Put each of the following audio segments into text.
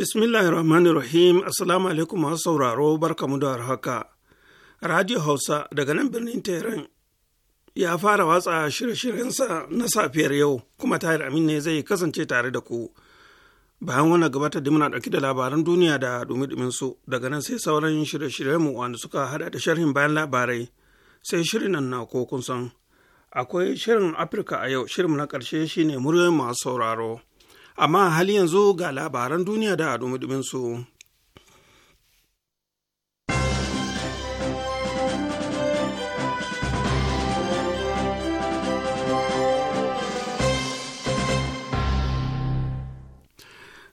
Bismillahir Rahmanir Rahim, Assalamu alaikum masu sauraro barkamu da haka. Radio Hausa daga nan birnin Tehran ya fara watsa shirye-shiryensa na safiyar yau kuma Tahir Amin ne zai kasance tare da ku. Bayan wani gabatar da muna ɗauki da labaran duniya da dumi su daga nan sai sauran shirye mu wanda suka hada da sharhin bayan labarai sai shirin nan na ko kun san. Akwai shirin Afirka a yau shirin na ƙarshe shine muryoyin masu sauraro. amma hal yanzu ga labaran duniya da dumudumin su.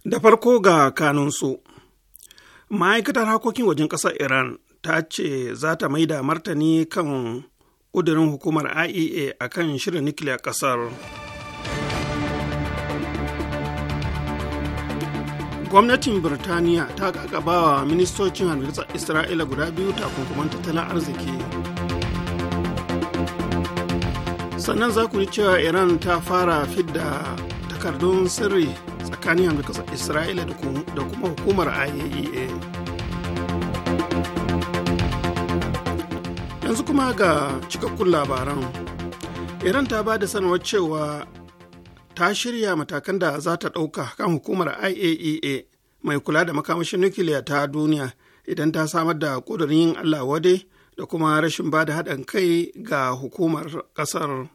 Da farko ga kanunsu, ma'aikatar harkokin wajen ƙasar Iran ta ce za ta mai da martani kan ƙudurin hukumar IEA akan kan shirin nukiliyar ƙasar. gwamnatin birtaniya ta wa ministocin hargitsar isra'ila guda biyu takunkuman tattalin arziki sannan za ku ji cewa iran ta fara fidda takardun sirri tsakanin hargitsar isra'ila da kuma hukumar iaea e yanzu kuma ga cikakkun labaran iran ta ba da sanarwar cewa ta shirya matakan da za ta ɗauka kan hukumar iaea e mai kula da makamashin nukiliya ta duniya idan ta samar da ƙudurin yin allah wade da kuma rashin ba da haɗin kai ga hukumar ƙasar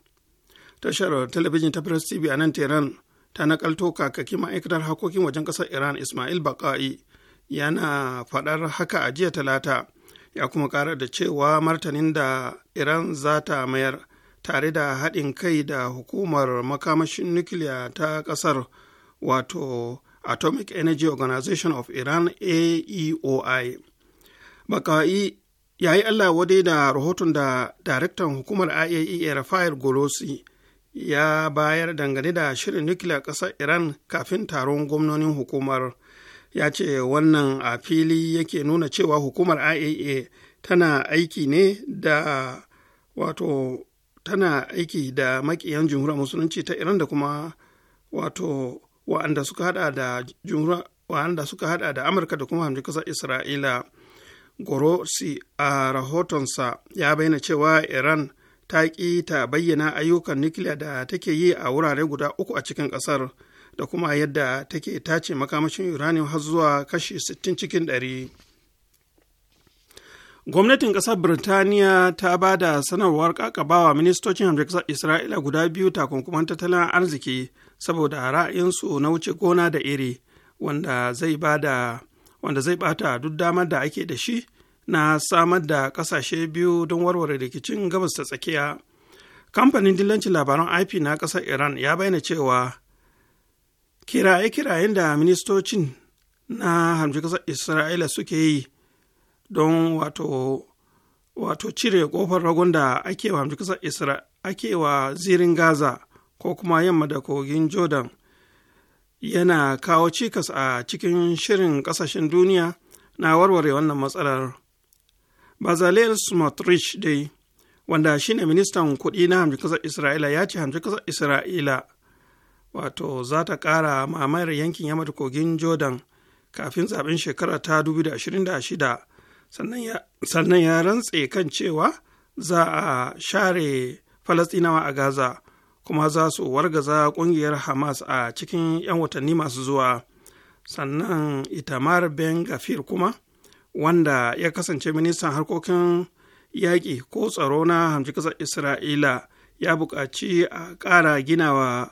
tashar talabijin ta press tv a nan tehran ta nakalto kakakin ma'aikatar harkokin wajen ƙasar iran ismail baka'i yana faɗar haka a jiya talata ya kuma ƙara da cewa martanin da iran za ta mayar tare da haɗin kai da hukumar makamashin nukiliya ta ƙasar wato atomic energy organization of iran aeoi baka'i ya yi allah wadai da rahoton da daraktan hukumar iaea e rafael golosi ya bayar dangane da shirin nukiliya ƙasar iran kafin taron gwamnonin hukumar ya ce wannan a fili yake nuna cewa hukumar iaea e tana aiki ne da wato tana aiki da makiyan jumhuriyar musulunci ta iran da kuma wato wa'anda suka hada da amurka da kuma hamjin kasar isra'ila gorosi a rahotonsa ya bayyana cewa iran ta ƙi ta bayyana ayyukan nukiliya da take yi a wurare guda uku a cikin ƙasar da kuma yadda take tace makamashin uranium har zuwa kashi 60 cikin 100 Gwamnatin ƙasar Birtaniya ta ba da sanarwar ƙaƙabawa ministocin ƙasar Isra'ila guda biyu takunkuman tattalin arziki saboda ra'ayinsu na wuce gona da iri wanda zai wanda bata duk damar da ake da shi na samar da ƙasashe biyu don warware rikicin gabas ta tsakiya. Kamfanin dillancin labaran IP na ƙasar Iran ya bayyana cewa kiraye-kirayen da ministocin na hamshin ƙasar Isra'ila suke yi don wato wato cire kofar ragon da ake wa kasar isra ake wa zirin gaza ko kuma yamma da kogin jordan yana kawo cikas a cikin shirin kasashen duniya na warware wannan matsalar bazalel smotrich dai wanda shine ministan kuɗi na kasar isra'ila ya ce kasar isra'ila wato za ta ƙara mamayar yankin yamma da kogin jordan kafin zaben shekara ta 2026 sannan ya rantse kan cewa za a share falastinawa a gaza kuma za su wargaza ƙungiyar hamas a cikin 'yan watanni masu zuwa sannan itamar ben gafir kuma wanda ya kasance ministan harkokin yaƙi ko tsaro na hamci ƙasar isra'ila ya buƙaci a ƙara ginawa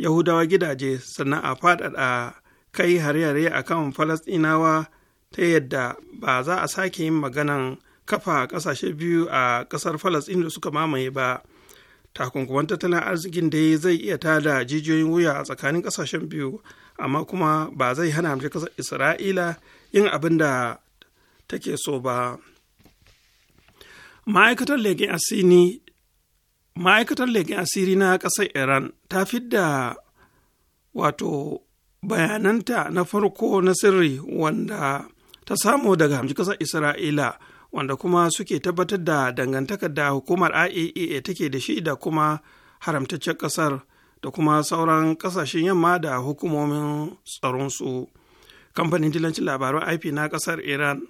yahudawa gidaje sannan a faɗaɗa kai hare-hare a kan falasɗinawa ta yadda ba za a sake yin maganan kafa ƙasashe biyu a ƙasar falasɗin da suka mamaye ba takunkuman tattalin arzikin dai zai iya tada jijiyoyin wuya a tsakanin ƙasashen biyu amma kuma ba zai hana mace ƙasar isra'ila yin abin da take so ba ma'aikatar leƙen asiri na ƙasar iran ta fidda wato bayananta na farko na sirri wanda ta samu daga hamshi kasar isra'ila wanda kuma suke tabbatar da dangantakar da hukumar iaea e take da shi da kuma haramtaccen kasar da kuma sauran kasashen yamma da hukumomin tsaronsu kamfanin dilancin labarun ip na kasar iran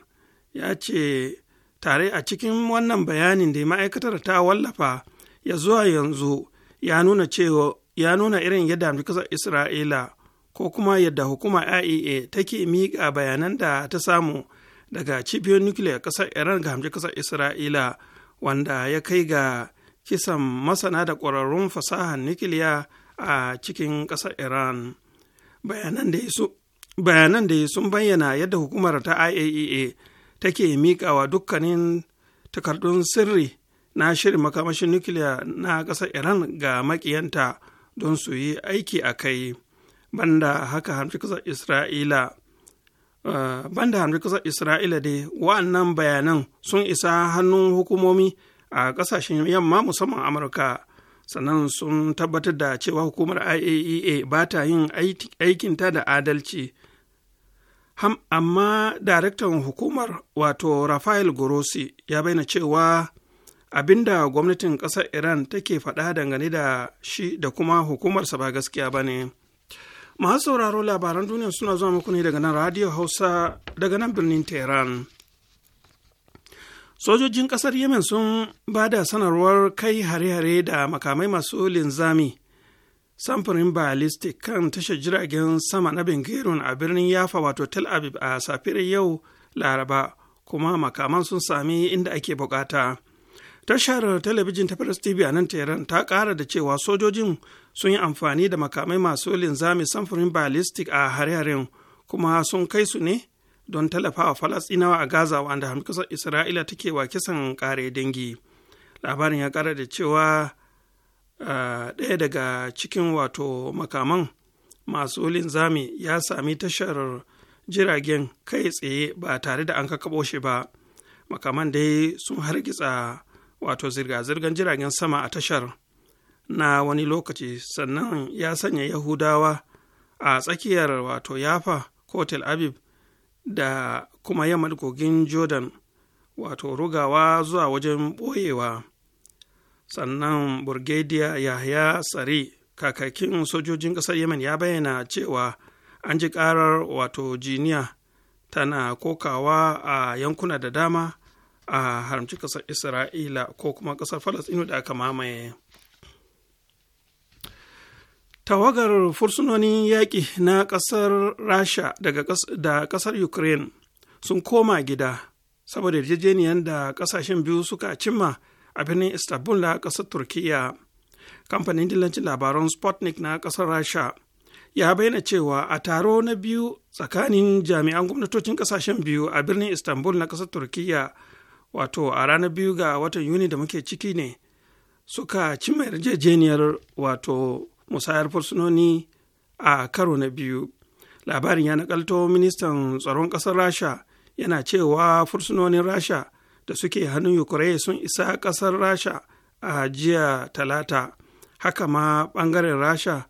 ya ce tare a cikin wannan bayanin da ma'aikatar ta wallafa ya zuwa yanzu ya nuna cewa ya nuna irin yadda amurka isra'ila ko kuma yadda hukumar IAEA take miƙa bayanan da ta samu daga cibiyar nukiliyar ƙasar Iran ga hamji ƙasar Isra'ila wanda ya kai ga kisan masana da ƙwararrun fasahar nukiliya a cikin ƙasar Iran. Bayanan da sun bayyana yadda hukumar ta IAEA take miƙawa dukkanin takardun sirri na shirin makamashin nukiliya na ƙasar Iran ga makiyanta don su yi aiki a kai. banda haka hamshi kusa isra'ila uh, banda hamshi kasar isra'ila dai wa'annan bayanan sun isa hannun hukumomi a kasashen yamma musamman amurka sannan sun tabbatar da cewa hukumar iaea e ba ta yin aikinta da adalci amma daraktan hukumar wato rafael grossi ya bayyana cewa abinda gwamnatin ƙasar iran take faɗa dangane da shi da kuma hukumarsa ba gaskiya ba ne masu sauraro labaran duniya suna zuwa muku ne daga nan radio hausa daga nan birnin tehran sojojin kasar yemen sun ba da sanarwar kai hare-hare da makamai masu linzami samfurin ballistic kan tashar jiragen sama na bengerun a birnin yafa wato tel aviv a safiyar yau laraba kuma makaman sun sami inda ake bukata tashar talabijin ta press tv a nan tehran ta kara da cewa sojojin sun yi amfani da makamai masu linzami samfurin ballistic a hare-haren kuma sun kai su ne don tallafawa Falasinawa a gaza wanda hamkisar isra'ila take wa kisan kare dangi labarin ya kara da cewa daya daga cikin wato makaman masu linzami ya sami tashar jiragen kai tsaye ba tare da an kakabo shi ba makaman dai sun hargitsa wato zirga-zirgar jiragen sama a tashar na wani lokaci sannan ya sanya yahudawa a tsakiyar wato yafa ko tel aviv da kuma yammal kogin jordan wato rugawa zuwa wajen ɓoyewa sannan burgediya yahya tsari kakakin sojojin ƙasar yemen ya bayyana cewa an ji ƙarar wato jiniya tana kokawa a yankuna da dama a haramci ƙasar isra'ila ko kuma ƙasar falasɗinu da aka mamaye tawagar fursunonin yaƙi na ƙasar rasha da ƙasar ukraine sun koma gida saboda yarjejeniyar da ƙasashen biyu suka cimma a birnin istanbul na ƙasar turkiya kamfanin dillancin labaran sputnik na ƙasar rasha ya bayyana cewa a taro na biyu tsakanin jami'an gwamnatocin ƙasashen biyu a birnin istanbul na ƙasar turkiyya wato a ranar biyu ga watan yuni da muke ciki ne suka cimma yarjejeniyar wato musayar fursunoni a karo na biyu labarin ya nakalto ministan tsaron ƙasar rasha yana cewa fursunonin rasha da suke hannun ukraine sun isa ƙasar rasha a jiya talata haka ma ɓangaren rasha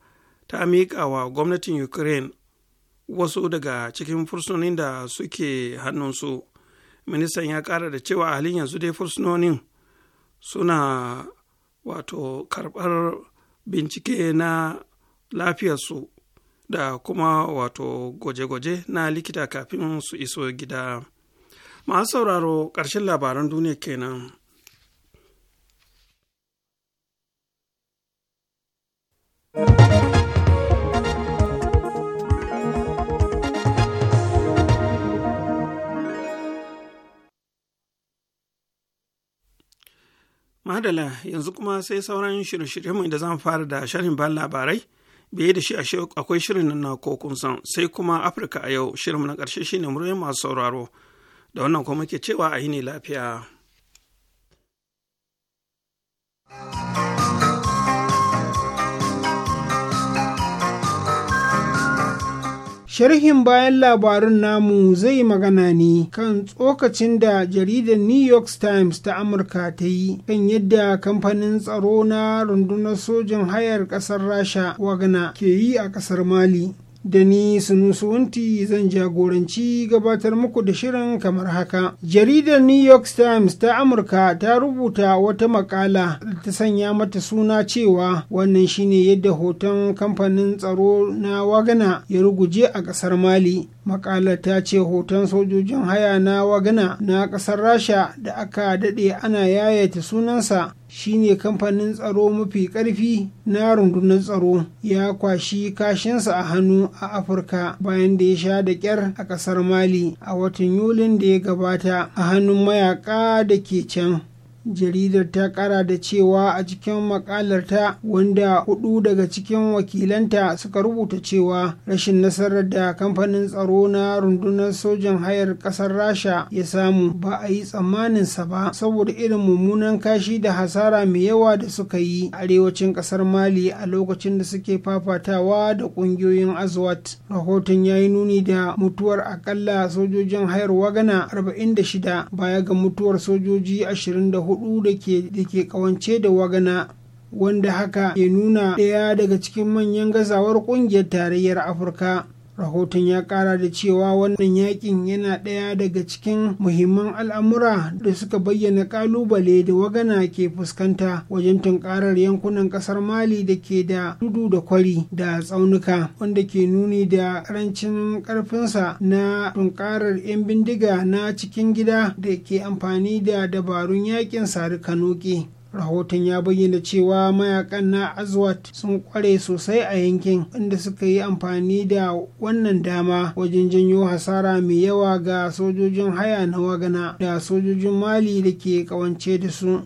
ta miƙa wa gwamnatin ukraine wasu daga cikin fursunonin da suke hannunsu ministan ya ƙara da cewa halin yanzu dai fursunonin suna wato karɓar bincike na lafiyarsu da kuma wato gwaje-gwaje na likita kafin su iso gida masu sauraro ƙarshen labaran duniya kenan. madala yanzu kuma sai sauran shirye-shiryenmu da zan fara da sharhin ban labarai biye da shi akwai shirin nan na kokun san sai kuma afirka a yau shirin na ƙarshe shine muryoyin masu sauraro da wannan kuma muke cewa a yi ne lafiya. Sharhin bayan labarun namu zai magana ne kan tsokacin da jaridar New York Times ta Amurka ta yi kan yadda kamfanin tsaro na rundunar sojin hayar ƙasar Rasha Wagana ke yi a ƙasar Mali. da ni sunusunti zan jagoranci gabatar muku da shirin kamar haka. Jaridar New York Times ta Amurka ta rubuta wata makala da ta sanya mata suna cewa wannan shine yadda hoton kamfanin tsaro na Wagana ya ruguje a ƙasar Mali. Maƙala ta ce hoton sojojin haya na Wagana na ƙasar Rasha da aka daɗe ana yayata sunansa shine kamfanin tsaro mafi karfi na rundunar tsaro ya kwashi kashinsa a hannu a afirka bayan da ya sha da kyar a kasar mali a watan yulin da ya gabata a hannun mayaka da ke can jaridar ta kara da cewa a cikin makalarta wanda hudu daga cikin wakilanta suka rubuta cewa rashin nasarar da kamfanin tsaro na rundunar sojan hayar kasar rasha ya samu ba a yi tsammaninsa ba saboda irin mummunan kashi da hasara mai yawa da suka yi arewacin kasar mali a lokacin da suke fafatawa da kungiyoyin azwat rahoton ya yi nuni da mutuwar akalla sojojin hayar wagana 46 baya ga mutuwar sojoji 24 hudu da ke kawance da wagana wanda haka ke nuna ɗaya daga cikin manyan gazawar ƙungiyar tarayyar afirka rahoton ya kara da cewa wannan yakin yana ɗaya daga cikin muhimman al'amura da suka bayyana kalubale da wagana ke fuskanta wajen tunkarar yankunan kasar mali da ke da tudu da kwari da tsaunuka wanda ke nuni da karancin karfinsa na tunkarar 'yan bindiga na cikin gida da ke amfani da dabarun yakin sari kanoki rahoton ya bayyana cewa mayakan na azwat sun kware sosai a yankin inda suka yi amfani da wannan dama wajen janyo hasara mai yawa ga sojojin haya na wagana da sojojin mali da ke kawance da su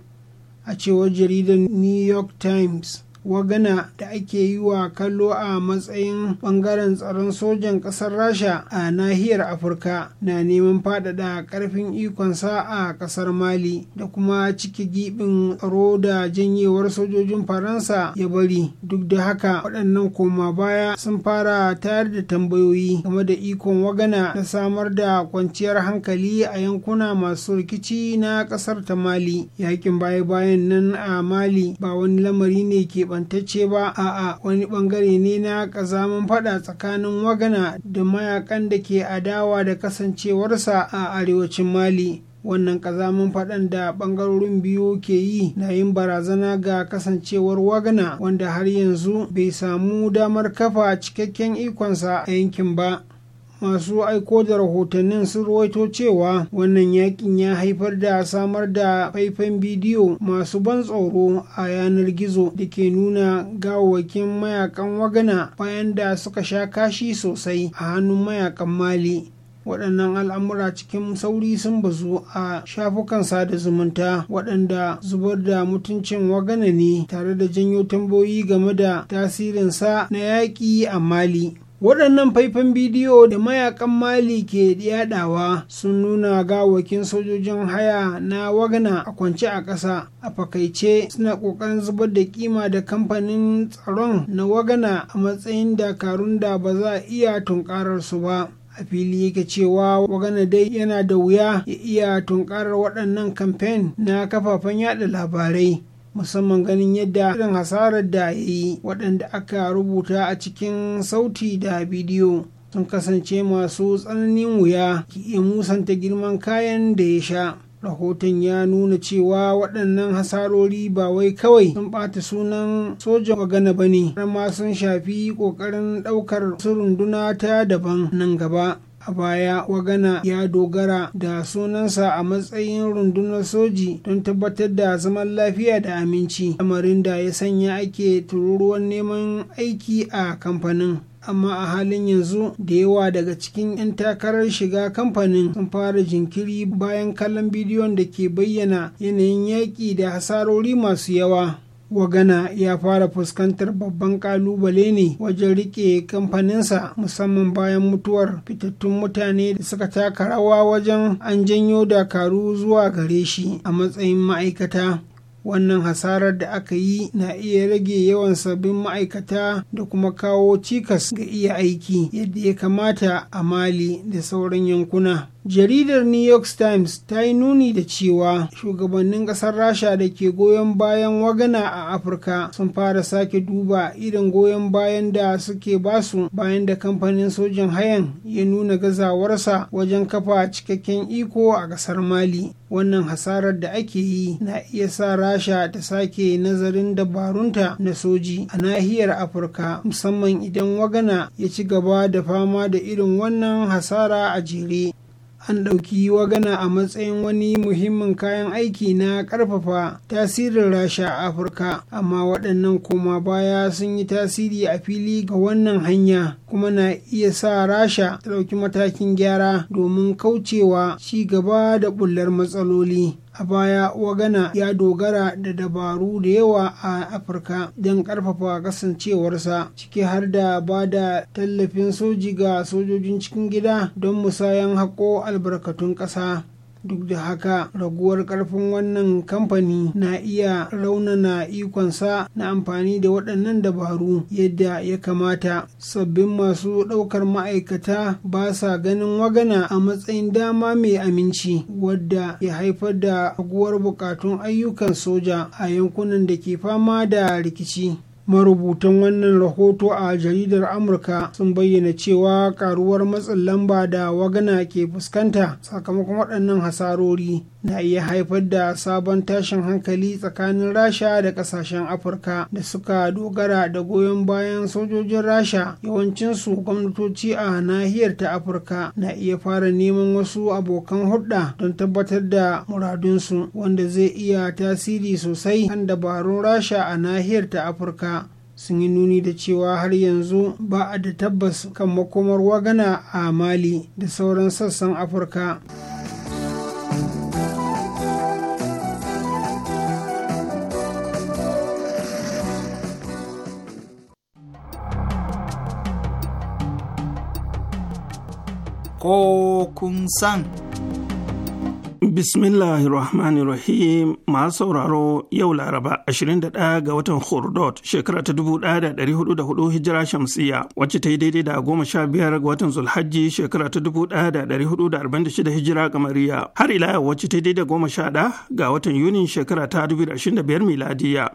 a cewar jaridar new york times wagana da ake yi wa kallo a matsayin bangaren tsaron sojan ƙasar rasha a nahiyar afirka na neman faɗaɗa ƙarfin ikonsa a ƙasar mali da kuma ciki giɓin tsaro da janyewar sojojin faransa ya bari duk da haka waɗannan koma baya sun fara tayar da tambayoyi game da ikon wagana na samar da kwanciyar hankali a yankuna masu rikici na ƙasar ta mali yakin baya-bayan nan a mali ba wani lamari ne ke keɓantacce ba a'a wani ɓangare ne na ƙazaman faɗa tsakanin wagana da mayakan da ke adawa da kasancewarsa a arewacin mali wannan kazamin faɗan da ɓangarorin biyu ke yi na yin barazana ga kasancewar wagana wanda har yanzu bai samu damar kafa cikakken ikonsa a yankin ba masu aiko da rahotannin sun ruwaito cewa wannan yakin ya haifar da samar da faifan bidiyo masu ban tsoro a yanar gizo da ke nuna gawakin mayakan wagana bayan da suka sha kashi sosai a hannun mayakan mali waɗannan al'amura cikin sauri sun bazu a shafukan sada zumunta waɗanda zubar da mutuncin wagana ne tare da janyo tambayoyi game da tasirinsa na yaƙi a mali waɗannan faifan bidiyo da mayakan mali ke yadawa sun nuna gawakin sojojin haya na wagna a kwance a ƙasa a fakaice suna ƙoƙarin zubar da kima da kamfanin tsaron na wagna a matsayin dakarun da ba za a iya tunkarar su ba a fili yake cewa wagana dai yana da wuya ya iya tunƙarar waɗannan kamfen na kafafen yaɗa labarai musamman ganin yadda irin hasarar da ya yi waɗanda aka rubuta a cikin sauti da bidiyo sun kasance masu tsananin wuya ki iya musanta girman kayan da ya sha rahoton ya nuna cewa waɗannan hasarori ba wai kawai sun ɓata sunan sojan magana ba ne ma sun shafi ƙoƙarin ɗaukar su runduna ta daban nan gaba a baya wagana ya dogara da sunansa a matsayin rundunar soji don tabbatar da zaman lafiya da aminci lamarin da ya sanya ake tururuwan neman aiki a kamfanin amma a halin yanzu da yawa daga cikin 'yan takarar shiga kamfanin sun fara jinkiri bayan kallon bidiyon da ke bayyana yanayin yaƙi da hasarori masu yawa wagana ya fara fuskantar babban kalubale ne wajen rike kamfaninsa musamman bayan mutuwar fitattun mutane da suka taka rawa wajen an janyo dakaru zuwa gare shi a matsayin ma'aikata wannan hasarar da aka yi na iya rage yawan sabbin ma'aikata da kuma kawo cikas ga iya aiki yadda ya kamata a mali da sauran yankuna jaridar new york times ta yi nuni da cewa shugabannin ƙasar rasha da ke goyon bayan wagana a afirka sun fara sake duba irin goyon bayan da suke basu bayan da kamfanin sojin hayan ya nuna gazawarsa wajen kafa cikakken iko a kasar mali wannan hasarar da ake yi na iya sa rasha ta sake nazarin dabarunta na soji a nahiyar afirka musamman idan wagana ya ci gaba da fama da irin wannan hasara a jere an ɗauki wagana a matsayin wani muhimmin kayan aiki na ƙarfafa tasirin rasha a afirka amma waɗannan koma baya sun yi tasiri a fili ga wannan hanya kuma na iya sa rasha ta ɗauki matakin gyara domin kaucewa ci gaba da bullar matsaloli a baya wagana ya dogara da dabaru da yawa a afirka don karfafa kasancewarsa ciki har da ba da tallafin soji ga sojojin cikin gida don musayan haƙo albarkatun ƙasa duk da haka raguwar karfin wannan kamfani na iya raunana ikonsa na amfani da waɗannan dabaru yadda ya kamata sabbin masu ɗaukar ma'aikata ba sa ganin wagana a matsayin dama mai aminci wadda ya haifar da raguwar buƙatun ayyukan soja a yankunan da ke fama da rikici marubutan wannan rahoto a jaridar amurka sun bayyana cewa karuwar matsin lamba da wagana ke fuskanta sakamakon waɗannan hasarori na iya haifar da sabon tashin hankali tsakanin rasha da kasashen afirka da suka dogara da goyon bayan sojojin rasha yawancinsu gwamnatoci a nahiyar ta afirka na iya fara neman wasu abokan hulɗa don tabbatar da muradunsu wanda zai iya tasiri sosai kan dabarun rasha a nahiyar ta afirka sun yi nuni da cewa har yanzu ba a da tabbas kan makomar wagana a mali da sauran sassan afirka. ko kun san. Bismillahirrahmanirrahim masu sauraro yau Laraba 21 ga watan Hordot shekara ta 1404 hijira shamsiya wacce ta yi daidai da 15 ga watan Zulhajji shekara ta 1446 hijira kamariya har ila wacce ta yi daidai da 11 ga watan Yunin shekara ta 2025 miladiya.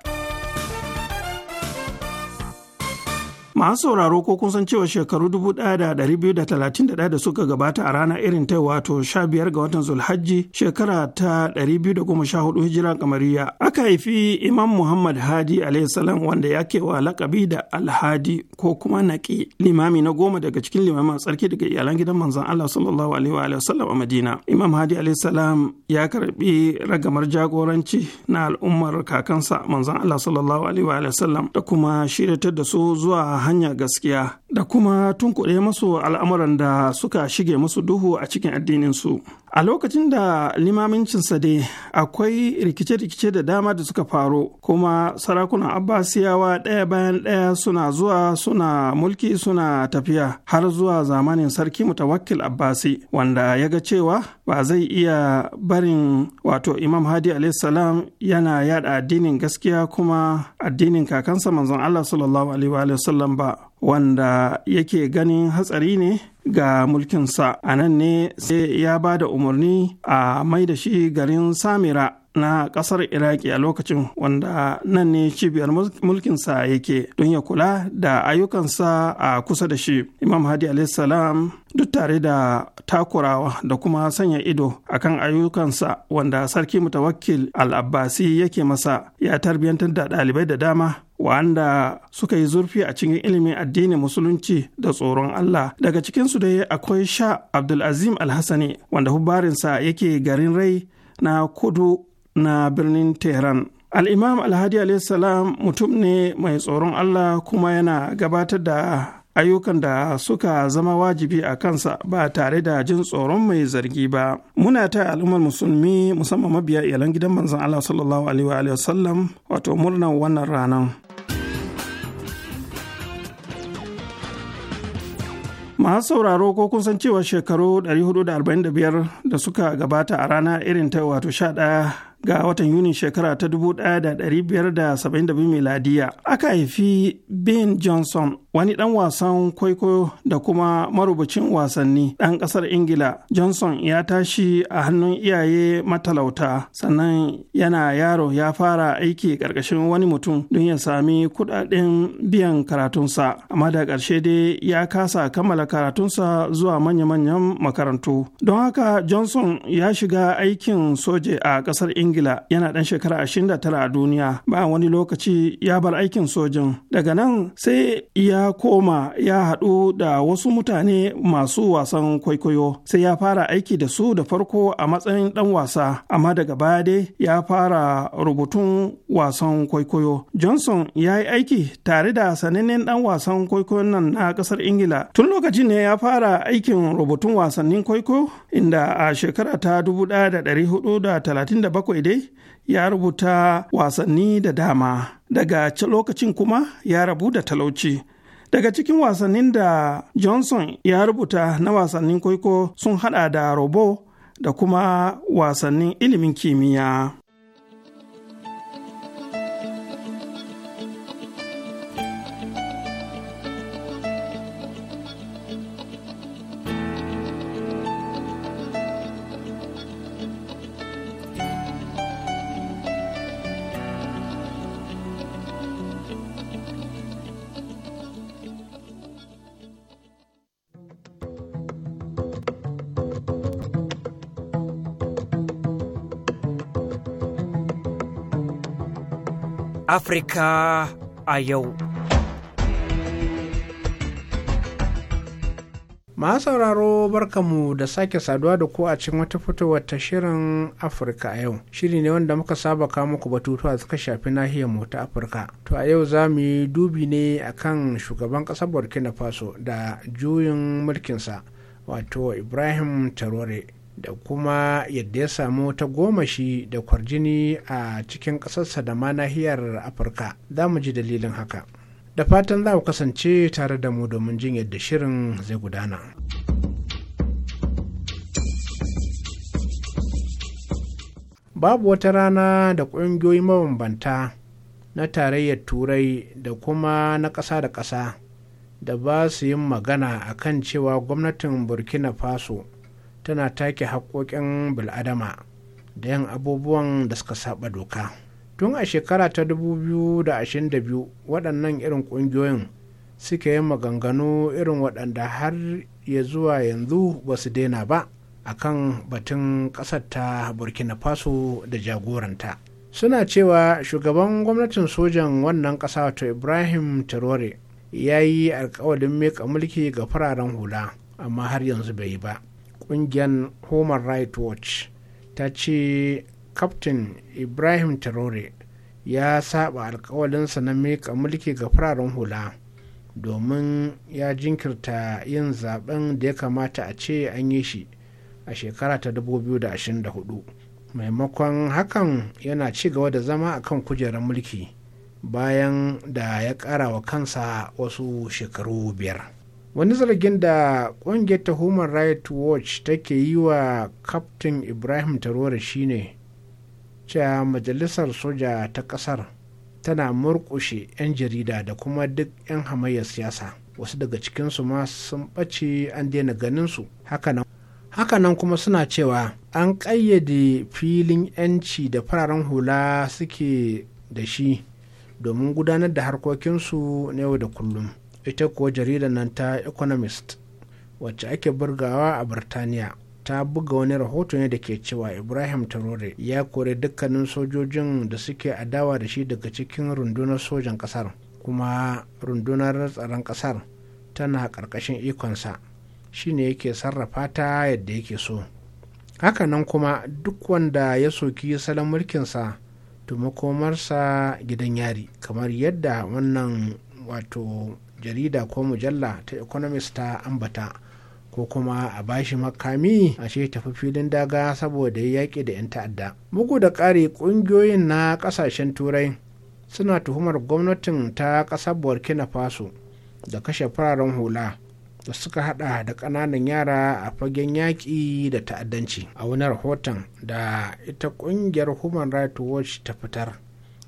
masu sauraro ko kun san cewa shekaru 1231 da suka gabata a ranar irin ta wato 15 ga watan zulhajji shekara ta 214 hijira kamariya aka haifi imam muhammad hadi Salam wanda ya kewa lakabi da alhadi ko kuma naki limami na goma daga cikin limaman tsarki daga iyalan gidan manzon allah sallallahu alaihi wa sallam a madina imam hadi Salam ya karbi ragamar jagoranci na al'ummar kakansa manzon allah sallallahu alaihi wa sallam da kuma shiratar da su zuwa hanyar gaskiya da kuma tunkuɗe masu al'amuran da suka shige masu duhu a cikin addininsu. a lokacin da limamincinsa dai akwai rikice-rikice da dama da suka faru kuma sarakunan abbasiyawa ɗaya bayan ɗaya suna zuwa suna mulki suna tafiya har zuwa zamanin sarki mutawakkil abbasi wanda ya ga cewa ba zai iya barin wato imam hadi salam yana yada addinin gaskiya kuma addinin kakansa manzon allah sallallahu alaihi ba wanda yake ganin hatsari ne ga mulkinsa a nan ne sai ya ba da umarni a mai da shi garin samira na kasar iraki a lokacin wanda nan ne cibiyar mulkinsa yake don ya kula da ayyukansa a kusa da shi imam hadi salam duk tare da takurawa da kuma sanya ido akan ayyukansa wanda sarki mutawakkil al-abbasi yake masa ya tarbiyantar da ɗalibai da dama wanda suka yi zurfi a cikin ilimin addinin musulunci da tsoron Allah daga cikinsu dai akwai sha Abdulazim Alhassani wanda hubarinsa yake garin rai na kudu na birnin Tehran. Al'imam Alhadi salam mutum ne mai tsoron Allah kuma yana gabatar da ayyukan da suka zama wajibi a kansa ba tare da jin tsoron mai zargi ba. Muna ta al'ummar musulmi musamman mabiya iyalan gidan manzan Allah sallallahu alaihi wa sallam wato murnar wannan ranar. masu sauraro ko kun san cewa shekaru 445 da suka gabata a rana irin ta wato ɗaya. ga watan Yunin shekara ta 1572 miladiya. Aka haifi Ben Johnson, wani ɗan wasan kwaikwayo da kuma marubucin wasanni ɗan ƙasar Ingila. Johnson ya tashi a hannun iyaye matalauta, sannan yana yaro ya fara aiki ƙarƙashin wani mutum don ya sami kuɗaɗen biyan karatunsa. Amma da ƙarshe dai ya kasa kammala karatunsa zuwa manya-manyan makarantu. Don haka Johnson ya shiga aikin soje a ƙasar Ingila. ingila yana dan shekara 29 a duniya ba wani lokaci ya bar aikin sojin daga nan sai ya koma ya haɗu da wasu mutane masu wasan kwaikwayo sai ya fara aiki da su da farko a matsayin ɗan wasa amma daga baya dai ya fara rubutun wasan kwaikwayo johnson ya yi aiki tare da sanannen ɗan wasan kwaikwayon nan na ƙasar ingila tun lokacin ne ya fara aikin rubutun wasannin kwaikwayo inda a shekara ta 1437 kawai dai ya rubuta wasanni da dama daga lokacin kuma ya rabu da talauci daga cikin wasannin da johnson ya rubuta na wasannin kwaiko sun hada da robo da kuma wasannin ilimin kimiyya Afirka a yau. Ma sauraro barkamu da sake saduwa da ku a cikin wata fitowar ta shirin Afirka a yau. Shiri ne wanda muka saba kawo muku batutuwa suka shafi nahiyar mu ta Afirka. To a yau za mu yi dubi ne akan shugaban ƙasar Burkina Faso da juyin mulkinsa wato Ibrahim Tarore. da kuma yadda ya samu ta shi da kwarjini a cikin ƙasarsa da ma nahiyar afirka za mu ji dalilin haka da fatan za ku kasance tare da mu domin jin yadda shirin zai gudana babu wata rana da ƙungiyoyi mabambanta na tarayyar turai da kuma na ƙasa da ƙasa da ba su yin magana a kan cewa gwamnatin burkina faso tana take haƙoƙin bil'adama da 'yan abubuwan da suka saba doka tun a shekara ta 2022 waɗannan irin ƙungiyoyin suka yi maganganu irin waɗanda har ya zuwa yanzu ba su daina ba a kan batun ƙasar ta burkina faso da jagoranta suna cewa shugaban gwamnatin sojan wannan ƙasa wato ibrahim Traore ya yi alkawalin mulki ga fararen hula amma har yanzu bai yi ba kungiyar human rights watch ta ce kaftin ibrahim tirore ya saba alkawalinsa na mika mulki ga fararen hula domin ya jinkirta yin zaben da ya kamata a ce an yi shi a shekara ta 2024 maimakon hakan yana ci gaba da zama a kan kujerar mulki bayan da ya kara wa kansa wasu shekaru biyar wani zargin da kungiyar ta human rights watch take yi wa kaftin ibrahim tarore shine cewa majalisar soja ta kasar tana murkushe 'yan jarida da kuma duk 'yan hamayyar siyasa wasu daga cikinsu ma sun ɓace an daina ganin su hakanan hakanan kuma suna cewa an ƙayyade filin 'yanci da fararen hula suke da shi domin gudanar da harkokinsu na yau da kullum. ita kuwa jaridar nan ta economist wacce ake burgawa a birtaniya ta buga wani rahoto ne da ke cewa ibrahim tarore ya kore dukkanin sojojin da suke adawa da shi daga cikin rundunar sojan kasar kuma rundunar tsaron kasar tana ƙarƙashin ikonsa shine yake sarrafa ta yadda yake so hakanan kuma duk wanda ya soki salon mulkinsa to makomarsa gidan yari kamar yadda wannan wato jarida ko mujalla ta economist ta ambata ko kuma a bashi makami a ce tafi filin daga saboda ya yaƙi da 'yan ta'adda bugu da ƙari ƙungiyoyin na ƙasashen turai suna tuhumar gwamnatin ta ƙasar burkina faso da kashe fararen hula da suka hada da ƙananan yara a fagen yaƙi da ta'addanci a wani rahoton da ita ƙungiyar human rights watch ta fitar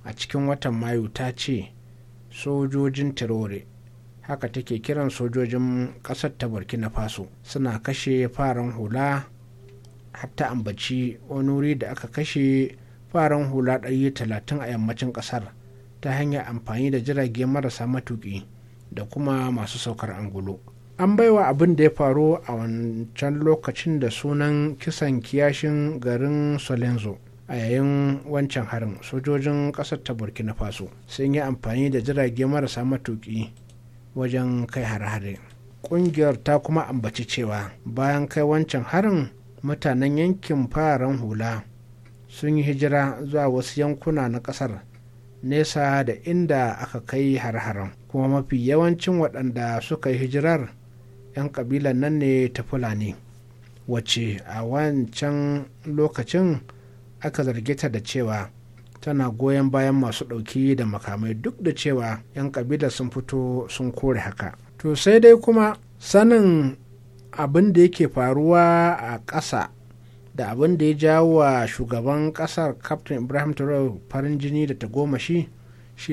a cikin watan mayu ta ce sojojin tirore haka take kiran sojojin kasar ta burkina faso suna kashe farin hula hatta ambaci wani wuri da aka kashe farin hula ɗari talatin a yammacin ƙasar ta hanyar amfani da jirage marasa matuki da kuma masu saukar angulo an baiwa abin da ya faru a wancan lokacin da sunan kisan kiyashin garin solenzo a yayin wancan harin sojojin kasar ta burkina faso sun yi amfani da jirage marasa matuki. wajen kai hare-hare ƙungiyar ta kuma ambaci cewa bayan kai wancan harin mutanen yankin fararen hula sun yi hijira zuwa wasu yankuna na ƙasar nesa da inda aka kai har-haren kuma mafi yawancin waɗanda suka yi hijirar 'yan ƙabilan nan ne ta fulani wacce a wancan lokacin aka zarge ta da cewa tana goyon bayan masu ɗauki da makamai duk da cewa 'yan kabila sun fito sun kore haka to sai dai kuma sanin abin da yake faruwa a ƙasa da abin da ya jawo wa shugaban ƙasar captain ibrahim traore farin jini da tagomashi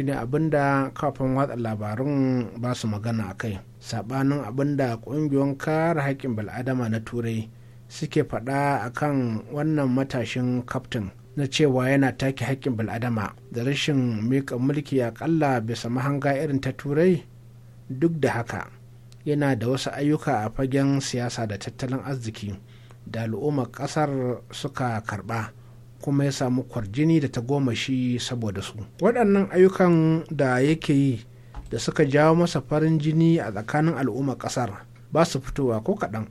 ne abin da kafin watsa labarun ba su magana a kai sabanin abin da ƙungiyoyin kare haƙƙin bil'adama na turai suke faɗa akan wannan matashin kaftin na cewa yana take haƙƙin bil'adama da rashin miƙa mulki aƙalla bisa mahanga irin ta turai duk da haka yana da wasu ayyuka a fagen siyasa da tattalin arziki da al'ummar ƙasar suka karɓa kuma ya samu kwarjini da ta goma shi saboda su waɗannan ayyukan da yake yi da suka jawo masa farin jini a tsakanin al'ummar ƙasar ba su fitowa ko kaɗan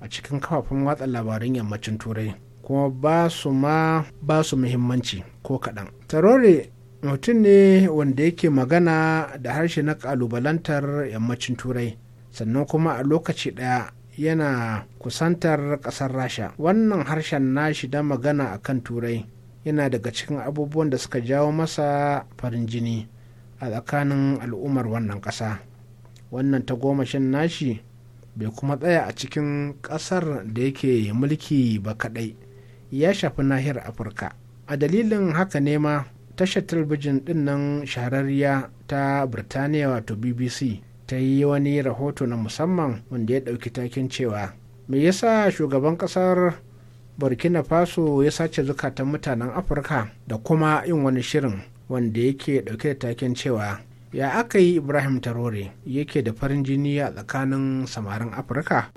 a cikin kafafen watsa labaran yammacin turai kuma ba su ma ba su muhimmanci ko kaɗan tarore mutum ne wanda yake magana da harshe na ƙalubalantar yammacin turai sannan kuma a lokaci ɗaya yana kusantar ƙasar rasha wannan harshen nashi da magana a kan turai yana daga cikin abubuwan da suka jawo masa farin jini a tsakanin al'ummar wannan ƙasa wannan tagomashin nashi bai kuma tsaya a cikin ƙasar da yake mulki ba kaɗai ya shafi nahiyar afirka a dalilin haka ne ma tashar talbijin din shahararriya ta birtaniya wato bbc ta yi wani rahoto na musamman wanda ya ɗauki takin cewa me yasa shugaban ƙasar burkina faso ya sace zukatan mutanen afirka da kuma yin wani shirin wanda yake ɗauke da takin cewa ya aka yi ibrahim tarore yake da farin jini a tsakanin samarin afirka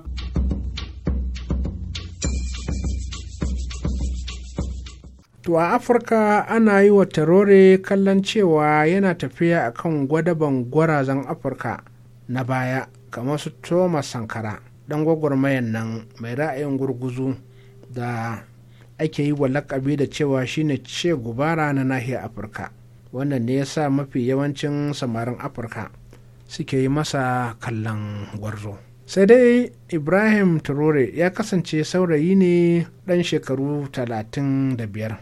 To a Afirka ana yi wa tarore kallon cewa yana tafiya a kan gwadaban gwarazan Afirka na baya kamar su Thomas Sankara ɗan gwagwarmayan nan mai ra'ayin gurguzu da ake yi wa lakabi da cewa shine ce gubara na nahiyar Afirka. Wannan ne ya sa mafi yawancin samarin Afirka suke yi masa kallon gwarzo. sai dai ibrahim turore ya kasance saurayi ne ɗan shekaru talatin da biyar.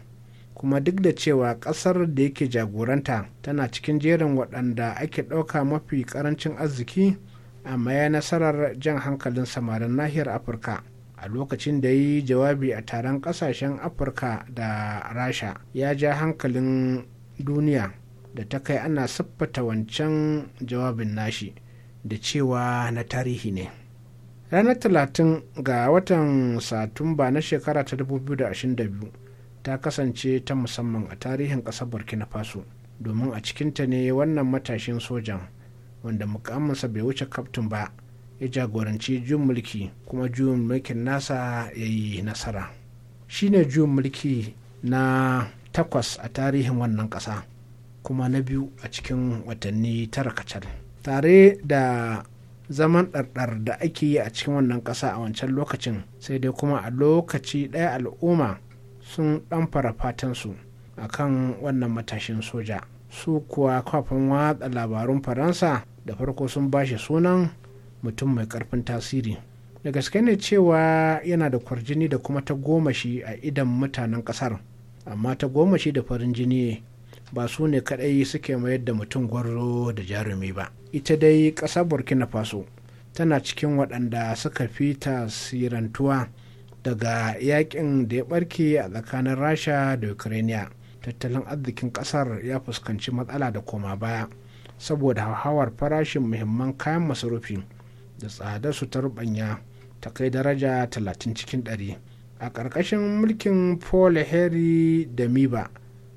kuma duk da cewa kasar da yake jagoranta tana cikin jerin waɗanda ake ɗauka mafi ƙarancin arziki amma ya nasarar jan hankalin samarin nahiyar afirka a lokacin da yi jawabi a taron ƙasashen afirka da rasha ya ja hankalin duniya da ta kai ana siffata wancan jawabin nashi da cewa na tarihi ne ranar 30 ga watan satumba na shekara ta 2022 ta kasance ta musamman a tarihin ƙasar burkina faso domin a cikinta ne wannan matashin sojan wanda sa bai wuce kaftin ba ya jagoranci juyin mulki kuma juyin mulkin nasa ya yi nasara shi ne juyin mulki na takwas a tarihin wannan ƙasa kuma na biyu a cikin watanni tara kacal tare da zaman ɗarɗar da ake yi a cikin wannan ƙasa a wancan lokacin sai dai kuma a lokaci ɗaya al'umma sun fara fatansu a kan wannan matashin soja su kuwa kafin watsa labarun faransa da farko sun bashi sunan mutum mai ƙarfin tasiri da gaske ne cewa yana da kwarjini da kuma ta gomashi a idan mutanen ƙasar amma ta gomashi da farin jini ba su ne kaɗai suke mayar da mutum gwarzo da jarumi ba ita dai ƙasar burkina faso tana cikin waɗanda suka fi tasirantuwa daga yakin da ya barke a tsakanin rasha da ukraine tattalin arzikin kasar ya fuskanci matsala da koma baya saboda hauhawar farashin muhimman kayan masarufi da tsadar su ta rubanya ta kai daraja 30 cikin 100 a ƙarƙashin mulkin paul harry da miba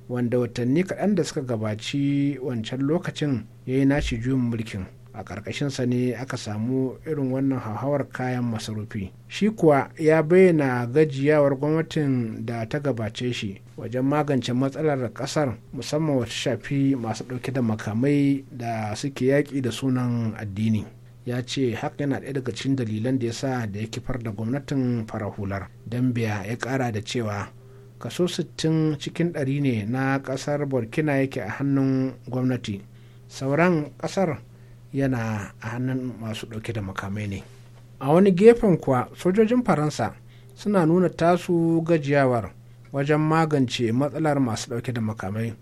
wanda watanni kaɗan da suka gabaci wancan lokacin ya yi nashi juyin mulkin a ƙarƙashinsa ne aka samu irin wannan hauhawar kayan masarufi shi kuwa ya bayyana gajiyawar gwamnatin da ta gabace shi wajen magance matsalar ƙasar musamman wata shafi masu ɗauke da makamai da suke yaƙi da sunan addini ya ce haka yana ɗaya daga cikin dalilan da ya sa da ya kifar da gwamnatin farahular dambiya ya ƙara da cewa kaso 60 cikin ɗari ne na ƙasar burkina yake a hannun gwamnati sauran ƙasar yana a hannun masu ɗauke da makamai ne a wani gefen kuwa sojojin faransa suna nuna tasu gajiyawar wajen magance matsalar masu ɗauke da makamai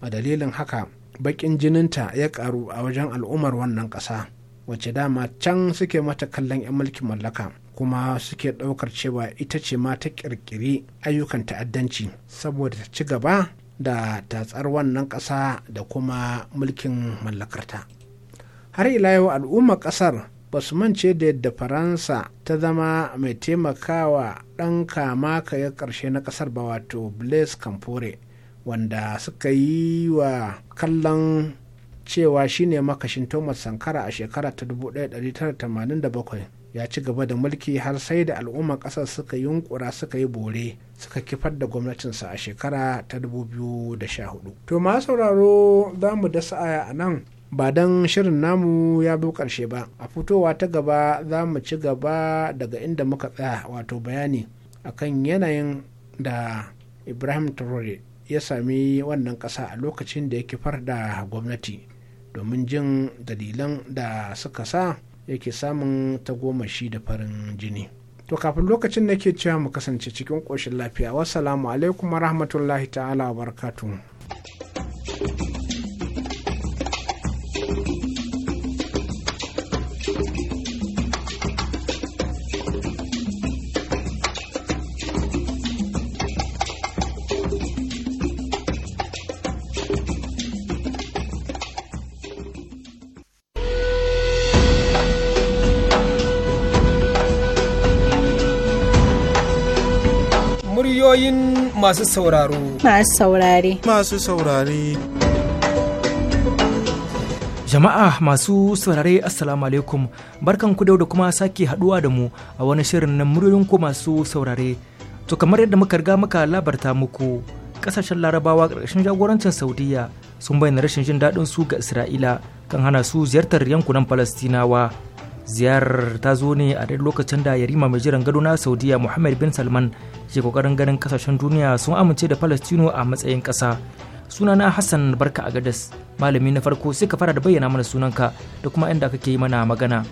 a dalilin haka baƙin jininta ya ƙaru a wajen al'ummar wannan ƙasa wacce dama can suke mata kallon 'yan mulkin mallaka kuma suke ɗaukar cewa ita ce ma ta ƙirƙiri ayyukan ta'addanci saboda ta ci gaba da tatsar wannan ƙasa da kuma mulkin mallakarta. har ila yau al'ummar kasar ba su mance da yadda faransa ta zama mai taimakawa ɗan kama ya ƙarshe na kasar ba wato blaise campore wanda suka yi wa kallon cewa shine makashin thomas sankara a shekara ta 1987 ya ci gaba da mulki har sai da al'ummar kasar suka yunkura suka yi bore suka kifar da gwamnatinsa a shekara ta 2014 to ma sauraro za mu dasa aya a nan ba don shirin namu ya bi ƙarshe ba a fitowa ta gaba za mu ci gaba daga inda muka tsaya wato bayani akan yanayin da ibrahim traore ya sami wannan ƙasa a lokacin da ya farda gwamnati domin jin dalilan da suka sa yake samun shi da farin jini to kafin lokacin nake cewa mu kasance cikin ƙoshin lafiya wasu alaikum rahmatullahi ta'ala wa barakatuhu Ra'ayoyin masu sauraro. Masu saurare. Masu saurare. Jama'a masu saurare Assalamu alaikum barkan ku da kuma sake haduwa da mu a wani shirin na muryoyin ku masu saurare. To kamar yadda muka riga muka labarta muku kasashen larabawa ƙarƙashin jagorancin Saudiya sun bayyana rashin jin daɗin su ga Isra'ila kan hana su ziyartar yankunan Falastinawa. Ziyarar ta zo ne a daidai lokacin da yarima mai jiran gado na Saudiya Muhammad bin Salman ke kokarin ganin kasashen duniya sun amince da palestino a matsayin ƙasa sunana hassan barka a gadas malami na farko sai ka fara da bayyana mana sunanka da kuma inda kake yi mana magana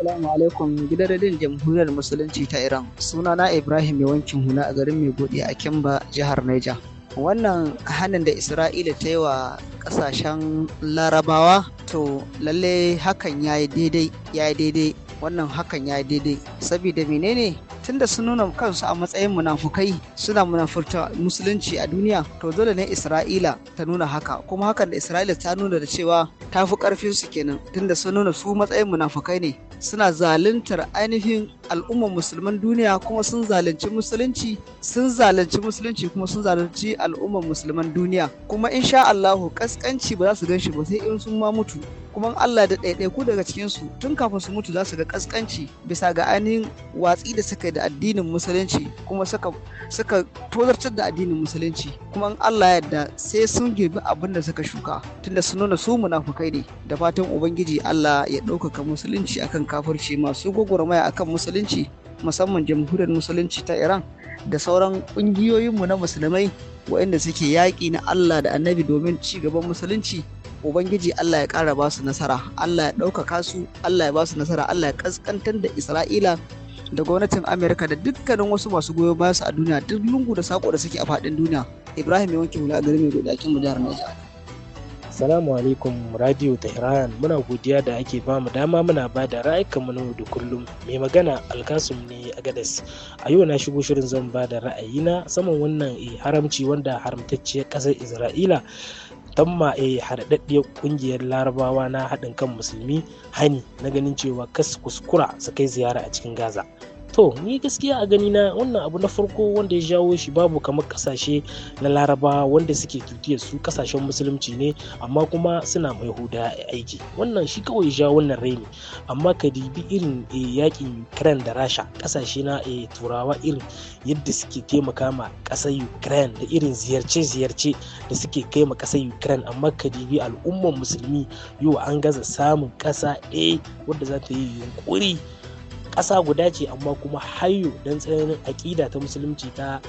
Assalamu alaikum gidan radin jamhuriyar musulunci ta Iran. Sunana Ibrahim mai wankin hula a garin mai godi a Kimba jihar Niger. Wannan hannun da Isra'ila ta yi wa kasashen larabawa to lalle hakan ya yi daidai ya daidai wannan hakan ya daidai saboda menene tunda sun nuna kansu a matsayin munafukai suna munafurta musulunci a duniya to dole ne isra'ila ta nuna haka kuma hakan da isra'ila ta nuna da cewa ta fi karfin su kenan tunda sun nuna su matsayin munafukai ne suna zaluntar ainihin al'ummar musulman duniya kuma sun zalunci musulunci sun zalunci musulunci kuma sun zalunci al'ummar musulman duniya kuma insha Allahu kaskanci ba za su ganshi ba sai in sun ma mutu kuma Allah da ɗaiɗaiku daga cikinsu tun kafin su mutu za su ga kaskanci bisa ga ainihin watsi da suka kai da addinin musulunci kuma suka suka tozartar da addinin musulunci kuma an Allah yarda sai sun girbi abin da suka shuka tunda sun nuna su munafukai ne da fatan ubangiji Allah ya ɗaukaka musulunci akan kafirci masu gwagwarmaya akan musulunci musamman jamhuriyar musulunci ta Iran da sauran kungiyoyin mu na musulmai waɗanda suke yaƙi na Allah da annabi domin ci gaban musulunci Ubangiji Allah ya ƙara ba su nasara, Allah ya ɗaukaka su, Allah ya ba su nasara, Allah ya ƙasƙantar da Isra'ila da gwamnatin Amerika da dukkanin wasu masu goyon bayan su a duniya duk lungu da sako da suke a faɗin duniya. Ibrahim ya wanke hula a garin mai godakin mu Niger. Assalamu alaikum Radio Tehran muna godiya da ake ba mu dama muna ba da ra'ayikanmu na da kullum mai magana alkasum ne a gadas a yau na shigo shirin zan ba da ra'ayina saman wannan eh, haramci wanda haramtacciyar ƙasar Isra'ila tamma a eh, haɗaɗɗiyar ƙungiyar larabawa na haɗin kan musulmi hani na ganin cewa kas kuskura su kai ziyara a cikin gaza to ni gaskiya a gani na wannan abu na farko wanda ya jawo shi babu kamar kasashe na laraba wanda suke tutiyar su kasashen musulunci ne amma kuma suna mai huda aiki wannan shi kawai ya jawo wannan raini amma ka dibi irin eh, yakin ukraine da rasha kasashe na eh, turawa irin yadda suke taimaka ma kasar ukraine da irin ziyarce-ziyarce da suke kai ma kasar ukraine amma ka dibi al'ummar musulmi yau an gaza samun kasa ɗaya wadda za ta yi yunkuri ƙasa guda ce amma kuma hayo don tsananin aƙida ta musulunci ta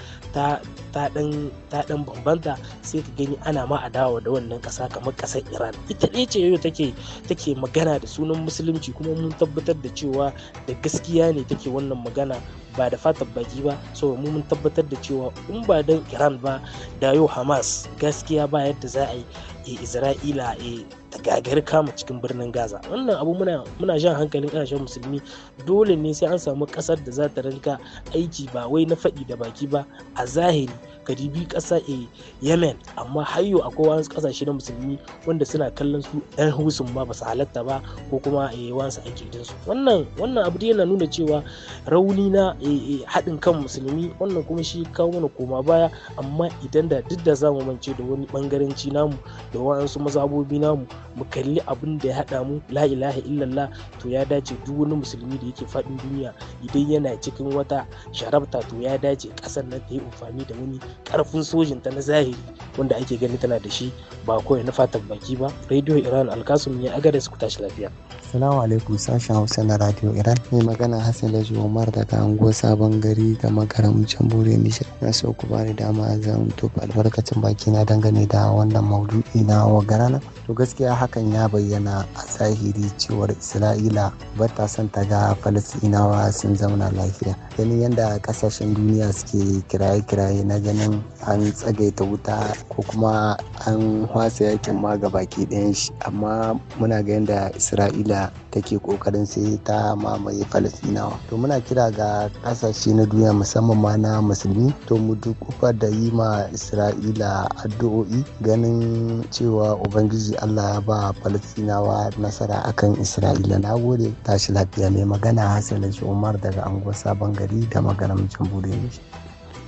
ɗan bambanta sai ka gani ana ma adawa da wannan ƙasa kamar ƙasar iran ita ɗaya ce yau take take magana da sunan musulunci kuma mun tabbatar da cewa da gaskiya ne take wannan magana ba da fatan baki ba saboda mu mun tabbatar da cewa in ba dan iran ba da yau hamas gaskiya ba yadda za a yi eh, isra'ila eh, da gagari kama cikin birnin gaza wannan abu muna jan hankalin ƙasashen musulmi dole ne sai an samu kasar da za ta rinka aiki ba wai na faɗi da baki ba a zahiri ka kasa ƙasa e yemen amma hayo akwai wasu ƙasashe na musulmi wanda suna kallon su yan husun ba su halatta ba ko kuma e wasu akidin su wannan wannan abu yana nuna cewa rauni na e, e, haɗin kan musulmi wannan kuma shi kawo mana koma baya amma idan da duk da zamu mance da wani bangaranci namu da wasu mazabobi namu mu kalli abin da ya haɗa mu la ilaha illallah to ya dace duk wani musulmi da yake faɗin duniya idan yana cikin wata sharabta to ya dace ƙasar nan ta yi amfani da wani karfin ta na zahiri wanda ake gani tana da shi ba kawai na fatan baki ba radio iran alkasum ya agada su tashi lafiya Assalamu alaikum sashen Hausa na Radio Iran. Mai magana Hassan Laji Umar daga Ango Sabon Gari ga makaram Jamhuriyar Nijar. Na so ku bani dama zan tofa albarkacin baki na dangane da wannan maudu'i na wagarana. To gaskiya hakan ya bayyana a zahiri cewar Isra'ila ba ta son ta ga Falasɗinawa sun zauna lafiya. Ganin yadda kasashen duniya suke kiraye-kiraye na ganin an tsagaita wuta ko kuma an hwasa yakin ma ga baki ɗayan shi. Amma muna ga yadda Isra'ila take kokarin sai ta mamaye falasinawa to muna kira ga kasashe na duniya musamman ma na musulmi to mu dukufa da yi ma isra'ila addu'o'i ganin cewa ubangiji allah ya ba falasinawa nasara akan isra'ila na gode tashi lafiya mai magana hassan umar daga anguwar sabon gari da magaramcin burin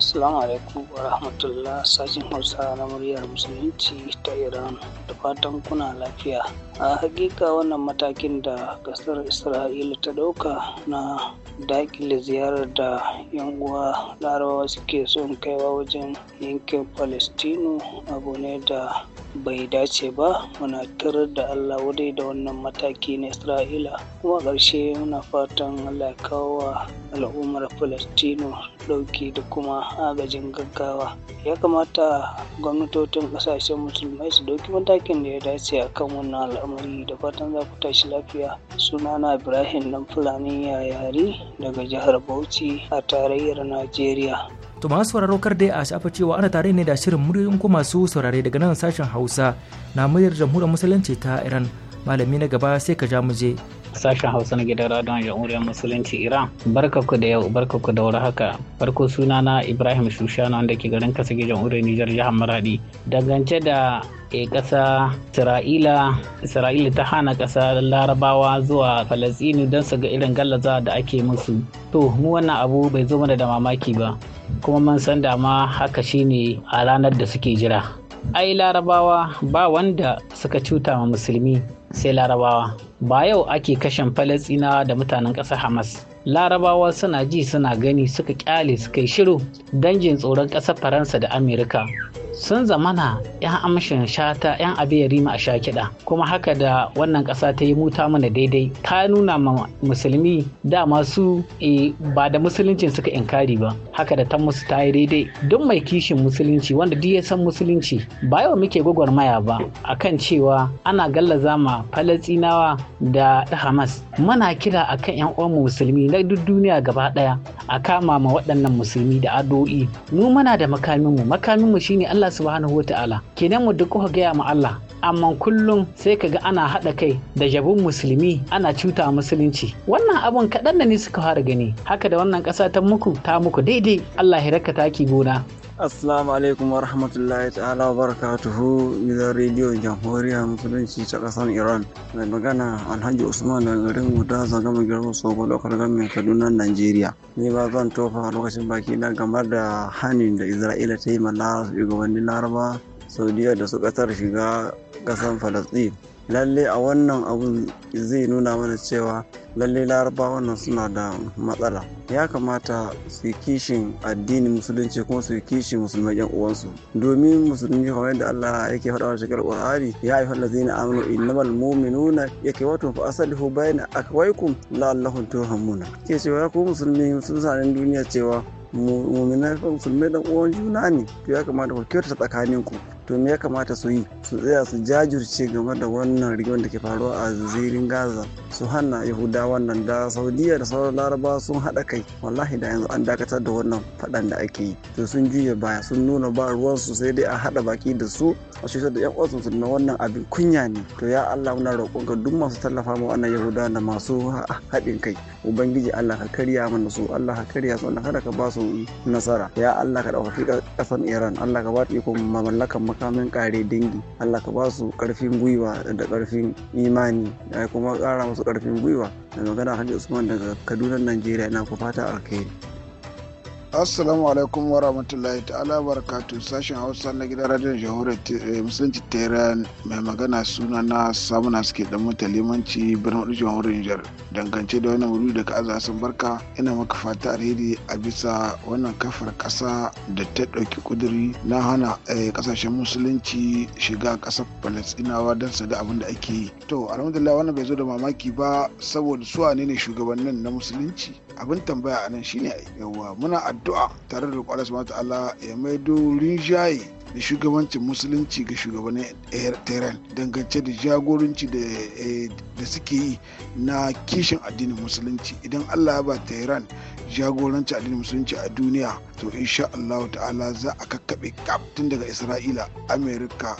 Assalamu alaikum wa rahmatullah sashen Hausa na muryar Musulunci ta Iran da fatan kuna lafiya. A hakika wannan matakin da kasar Isra'ila ta ɗauka na dakile ziyarar da 'yan uwa larabawa suke son kaiwa wajen yankin Falastinu abu ne da bai dace ba muna tarar da allah wadai da wannan mataki na isra'ila kuma ƙarshe muna fatan allah ya kawo wa al'ummar falastino ɗauki da kuma agajin gaggawa ya kamata gwamnatocin ƙasashen musulmai su ɗauki matakin da ya dace a kan wannan al'amari da fatan za ku tashi lafiya sunana ibrahim dan fulani yayari daga jihar bauchi a tarayyar najeriya To masu sauraro kar dai a shafa cewa ana tare ne da shirin muryoyin ku masu saurare daga nan sashen Hausa na muryar jamhuriyar musulunci ta Iran. Malami na gaba sai ka ja mu je. sashen hausa na gidan radon jamhuriyar musulunci iran barka ku da yau barka ku da wuri haka farko suna na ibrahim shushana wanda ke garin kasa gidan jamhuriyar nijar jihar maradi dangance da a eh, ƙasa isra'ila ta hana kasa larabawa zuwa falasini don su ga irin gallaza da ake musu to mu wannan abu bai zo mana da mamaki ba kuma mun san dama haka haka shine a ranar da suke jira ai larabawa ba wanda suka cuta ma musulmi sai larabawa ba yau ake kashen falastinawa da mutanen ƙasar hamas larabawa suna ji suna gani suka kyale suka yi shiru don jin tsoron ƙasar faransa da amerika sun zamana 'yan amshin shata 'yan abin rima a sha kiɗa kuma haka da wannan ƙasa ta yi muta mana daidai ta nuna ma musulmi dama su e, ba da musuluncin suka inkari ba haka da ta musu ta yi daidai Don mai kishin musulunci wanda duk ya san musulunci ba yawa muke gwagwarmaya ba A kan cewa ana gallaza ma falastinawa da hamas muna kira a kan 'yan uwan musulmi na duk duniya gaba ɗaya a kama ma waɗannan musulmi da addu'o'i mu muna da makaminmu mu shine Allah Allah subhanahu ta'ala kenan mu duk kuka gaya mu Allah amma kullum sai ka ga ana haɗa kai da jabun musulmi ana cuta musulunci wannan abun kaɗan da ni suka fara gani haka da wannan ƙasa ta muku ta muku daidai Allah ya rakata ki gona Assalamu alaikum wa rahmatullahi ta'ala wa barakatuhu gidan rediyo jamhuriya musulunci ta kasar Iran. Mai magana Alhaji Usman daga garin Guda zagama girma Sogo lokar gamin Kaduna Najeriya. Ni ba zan tofa lokacin baki na game da hanin da Isra'ila ta yi ma shugabannin Laraba Saudiya da su kasar shiga kasar Falasɗin. lalle a wannan abun zai nuna mana cewa lalle larabawa wannan suna da matsala ya kamata su yi kishin addinin musulunci kuma su yi kishin musulman yan uwansu domin musulmi kamar yadda Allah yake faɗa wa shekarar Qur'ani ya ayyuhal ladzina amanu innamal mu'minuna yake wato fa asalihu bayna akwaikum la'allakum turhamuna ke cewa ya ku musulmi sun duniya cewa mu'minai musulmai dan uwan juna ne to ya kamata ku kyautata tsakaninku to me ya kamata su yi su tsaya su jajirce game da wannan rigimar da ke faruwa a zirin gaza su hana yahuda wannan da saudiya da sauran laraba sun hada kai wallahi da yanzu an dakatar da wannan fadan da ake yi to sun juya baya sun nuna ba su sai dai a hada baki da su a shi da yan uwansu na wannan abin kunya ne to ya allah muna ga duk masu tallafa mu wannan yahuda da masu haɗin kai ubangiji allah ka karya mana su allah ka karya su allah kada ka ba su nasara ya allah ka ɗaukaki ƙasan iran allah ka ba ta ikon mamallakan makamin kare dangi Allah ka ba su karfin gwiwa da karfin imani da kuma kara masu karfin gwiwa da magana hajji usman daga kaduna najeriya na ku fata alkhairi assalamu alaikum wa rahmatullahi ta'ala barakatu sashen hausa na gidan radiyon a eh, musulunci tehran mai magana suna na samuna suke dan mata limanci birnin wadda jamhuriyar nijar dangance da wannan wuri daga sun barka ina maka fata alheri a bisa wannan kafar kasa da ta dauki kuduri na hana kasashen eh, musulunci shiga kasar palestinawa don su da abin da ake yi to alhamdulillah wannan bai zo da mamaki ba saboda su ne shugabannin na musulunci abin tambaya a nan shine yawa muna addu'a tare da mata Allah ta'ala ya maido rinjaye da shugabancin musulunci ga shugabannin tehran dangance da jagoranci eh, da suke yi na kishin addinin musulunci idan allah ya ba tehran jagoranci addinin musulunci a duniya to insha Allah ta'ala za a kakkaɓe kaftin daga isra'ila amerika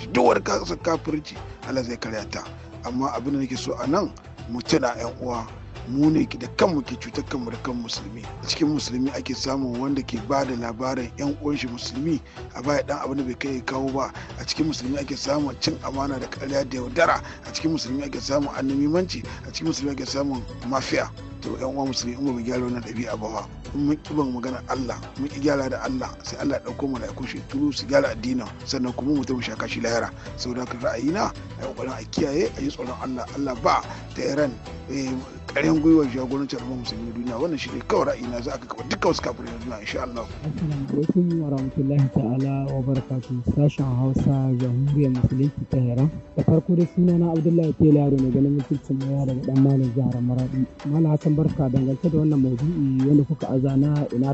shi duwar kasar kafirci allah zai karyata amma abin da nake so a nan mu tuna 'yan uwa mu ne da kanmu ke cutar kanmu da kan musulmi a cikin musulmi ake samun wanda ke ba da labarin yan uwanshi musulmi a baya dan abin da bai kai kawo ba a cikin musulmi ake samun cin amana da karya da yaudara a cikin musulmi ake samun annabimanci a cikin musulmi ake samun mafiya to yan uwa musulmi in mu gyara wannan ɗabi'a ba wa in mun ki ban magana Allah mun ki gyara da Allah sai Allah ya dauko malaiku shi turu su gyara addinin sannan kuma mu tafi shaka shi lahira saboda ka ra'ayina a yi kokarin a kiyaye a yi tsoron Allah Allah ba ta Iran eh, ƙarin gwiwar jagorancin al'ummar musulmi duniya wannan shi ne kawai na za a kaba dukkan wasu kafirai na duniya insha Allah. Assalamu alaikum wa rahmatullahi ta'ala wa barakatu sashen Hausa jamhuriyar musulunci ta Iran. Da farko da sunana na Abdullahi Tela Yaro ne ganin mutuncin maya daga dan malam jihar Maradi. Malam hassan barka dangance da wannan maudu'i wanda kuka aza na ina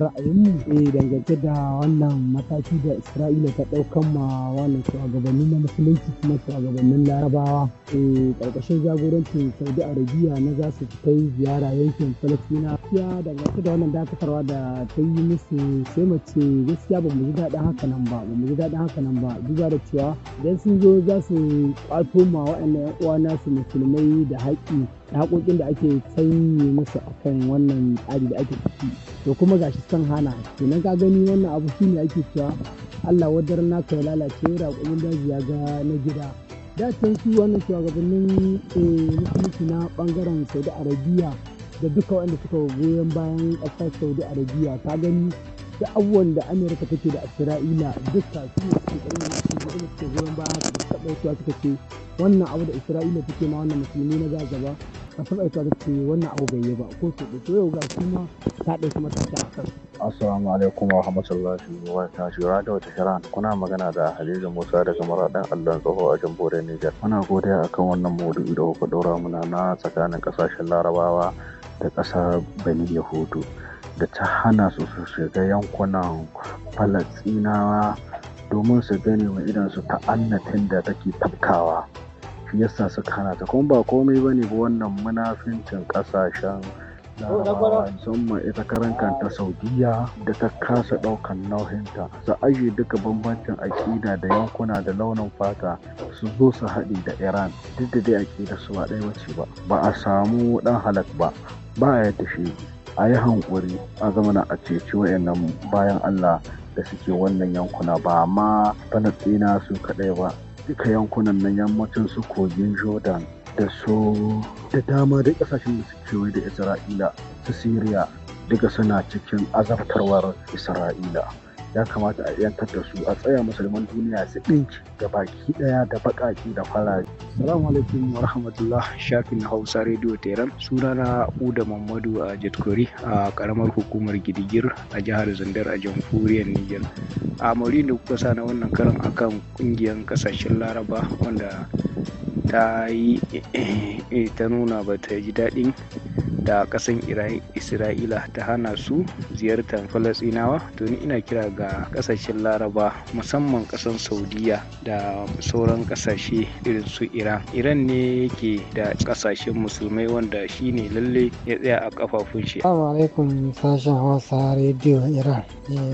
mu eh dangance da wannan mataki da isra'ila ta ɗaukan ma wannan shugabannin na musulunci kuma shugabannin larabawa eh karkashin jagorancin saudi arabiya na za su kai ziyara yankin falastina ya dangance da wannan dakatarwa da ta yi musu sai mace gaskiya ba mu ji daɗin haka nan ba ba mu ji daɗin haka nan ba duba da cewa idan sun zo za su kwato ma waɗannan 'yan uwa nasu musulmai da haƙƙi da haƙoƙin da ake sanyi musu akan wannan tsari da ake ciki to kuma gashi san hana kenan ka gani wannan abu ne ake cewa Allah wadar naka kai lalace raƙumin daji ya ga na gida da can wannan shugabannin eh, musulunci na bangaren saudi arabiya da duka wanda suka goyon bayan kasar saudi arabiya ka gani da abubuwan da amurka take da isra'ila duka su ne suke da goyon bayan haka da suka ɗauka suka ce wannan abu da isra'ila take ma wannan musulmi na gaza ba kasar aika da ce wannan abu bai yi ba ko su da yau ga kuma ta kuma ta a kan. assalamu alaikum wa rahmatullahi wa barakatuhu da ta shara kuna magana da halilu musa daga maraɗin allon tsoho a jamhuriyar niger muna godiya akan wannan maudu'i da kuka ɗora muna na tsakanin kasashen larabawa da ƙasar bani yahudu da ta hana su su shiga yankunan falastinawa domin su gane wa ta ta'annatin da take tafkawa yasa suka hana kuma ba komai ba ne wannan munafincin ƙasashen musamman ita karan kanta Saudiyya da ta kasa ɗaukan nauhinta su aje duka bambancin aƙida da yankuna da launin fata su zo su haɗe da iran duk da dai aƙida su ba ɗaya wace ba ba a samu ɗan halak ba ba a ya shi a yi hankuri a zamana a ceci wayannan bayan allah da suke wannan yankuna ba ma falastina su kaɗai ba duka yankunan na yammacin su kogin jordan da su da dama da kasashen da su kewaye da isra'ila su Syria duka suna cikin azabtarwar isra'ila ya kamata a iyantar da su a tsaya musulman duniya su ɗinki da baki ɗaya da baƙaƙi da farari. Salamu alaikum wa rahmatullah shafin Hausa Radio Teheran sunana Uda Mamadu a jitkori a ƙaramar hukumar Gidigir a jihar Zandar a jamhuriyar Nijar. A maurin da kuka sa na wannan karin akan ƙungiyar ƙasashen Laraba wanda ta yi eh, eh, ta nuna ba ta ji daɗin da kasan isra'ila ta hana su ziyartar falasinawa to ni ina kira ga kasashen laraba musamman kasan saudiya da sauran kasashe irin su iran iran ne yake da kasashen musulmai wanda shi ne lalle ya tsaya a kafafun shi assalamu alaikum sashen hausa rediyo iran